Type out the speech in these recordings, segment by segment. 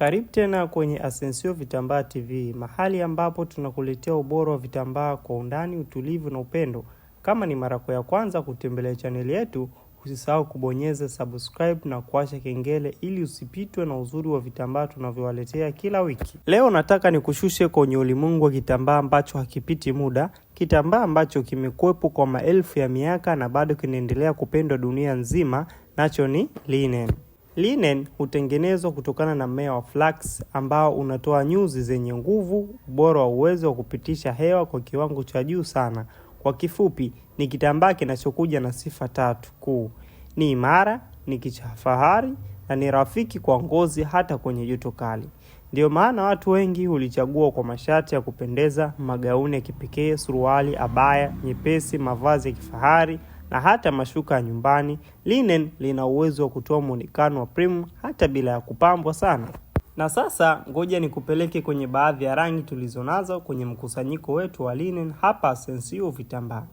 Karibu tena kwenye Asensio Vitambaa TV, mahali ambapo tunakuletea ubora wa vitambaa kwa undani, utulivu na upendo. Kama ni mara yako ya kwanza kutembelea chaneli yetu, usisahau kubonyeza subscribe na kuwasha kengele ili usipitwe na uzuri wa vitambaa tunavyowaletea kila wiki. Leo nataka nikushushe kwenye ulimwengu wa kitambaa ambacho hakipiti muda, kitambaa ambacho kimekuwepo kwa maelfu ya miaka na bado kinaendelea kupendwa dunia nzima, nacho ni linen. Linen hutengenezwa kutokana na mmea wa flax ambao unatoa nyuzi zenye nguvu, ubora wa uwezo wa kupitisha hewa kwa kiwango cha juu sana. Kwa kifupi, ni kitambaa kinachokuja na sifa tatu kuu: ni imara, ni kichafahari na ni rafiki kwa ngozi hata kwenye joto kali. Ndiyo maana watu wengi hulichagua kwa mashati ya kupendeza, magauni ya kipekee, suruali abaya nyepesi, mavazi ya kifahari na hata mashuka ya nyumbani. Linen lina uwezo wa kutoa muonekano wa premium hata bila ya kupambwa sana. Na sasa ngoja nikupeleke kwenye baadhi ya rangi tulizonazo kwenye mkusanyiko wetu wa linen hapa Sensio vitambaa.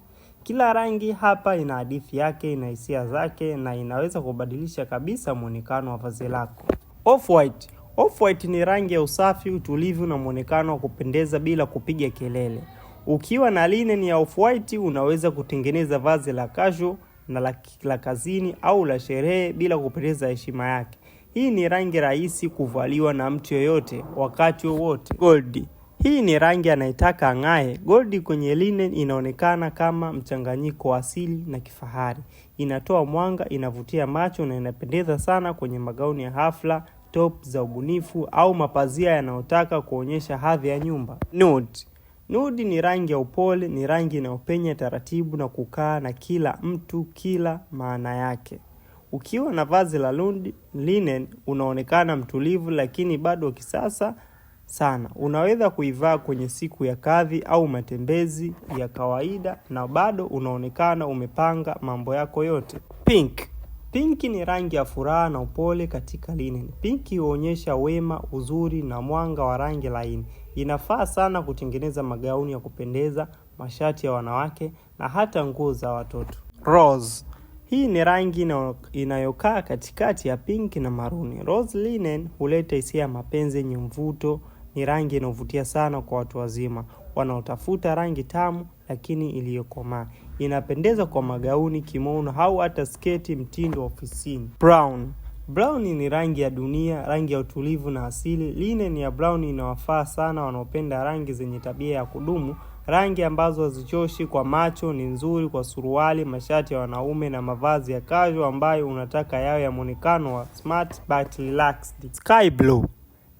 Kila rangi hapa ina hadithi yake, ina hisia zake na inaweza kubadilisha kabisa muonekano wa vazi lako. Off white. Off white ni rangi ya usafi, utulivu na mwonekano wa kupendeza bila kupiga kelele. Ukiwa na linen ya off-white unaweza kutengeneza vazi la kasho na la, la kazini au la sherehe bila kupoteza heshima yake. Hii ni rangi rahisi kuvaliwa na mtu yoyote wakati wowote. Gold. Hii ni rangi anayetaka ang'ae. Goldi kwenye linen inaonekana kama mchanganyiko wa asili na kifahari. Inatoa mwanga, inavutia macho na inapendeza sana kwenye magauni ya hafla, top za ubunifu au mapazia yanayotaka kuonyesha hadhi ya nyumba. Nude. Nudi ni rangi ya upole, ni rangi inayopenya taratibu na kukaa na kila mtu, kila maana yake. Ukiwa na vazi la lundi, linen unaonekana mtulivu lakini bado kisasa sana. Unaweza kuivaa kwenye siku ya kazi au matembezi ya kawaida na bado unaonekana umepanga mambo yako yote. Pink. Pinki ni rangi ya furaha na upole katika linen. Pinki huonyesha wema, uzuri na mwanga wa rangi laini. Inafaa sana kutengeneza magauni ya kupendeza, mashati ya wanawake na hata nguo za watoto. Rose. Hii ni rangi inayokaa katikati ya pink na maruni. Rose linen huleta hisia ya mapenzi yenye mvuto. Ni rangi inayovutia sana kwa watu wazima wanaotafuta rangi tamu lakini iliyokomaa. Inapendeza kwa magauni, kimono au hata sketi mtindo ofisini. Brown. Brown ni rangi ya dunia, rangi ya utulivu na asili. Linen ya brown inawafaa sana wanaopenda rangi zenye tabia ya kudumu, rangi ambazo hazichoshi kwa macho. Ni nzuri kwa suruali, mashati ya wanaume na mavazi ya casual ambayo unataka yawe ya muonekano wa smart but relaxed. Sky blue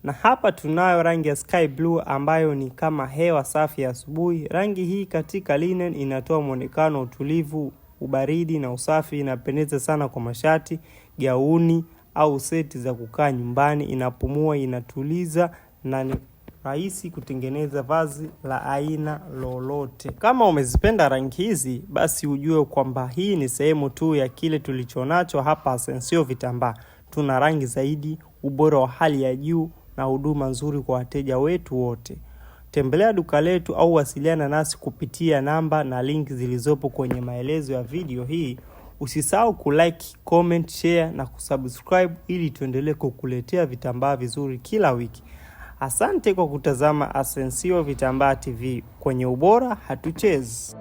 na hapa tunayo rangi ya sky blue ambayo ni kama hewa safi ya asubuhi. Rangi hii katika linen inatoa muonekano utulivu, ubaridi na usafi. Inapendeza sana kwa mashati, gauni au seti za kukaa nyumbani, inapumua, inatuliza na ni rahisi kutengeneza vazi la aina lolote. Kama umezipenda rangi hizi, basi ujue kwamba hii ni sehemu tu ya kile tulichonacho hapa Asensio Vitambaa. Tuna rangi zaidi, ubora wa hali ya juu na huduma nzuri kwa wateja wetu wote. Tembelea duka letu au wasiliana nasi kupitia namba na linki zilizopo kwenye maelezo ya video hii. Usisahau kulike, comment, share na kusubscribe ili tuendelee kukuletea vitambaa vizuri kila wiki. Asante kwa kutazama Asensio Vitambaa TV. Kwenye ubora hatuchezi.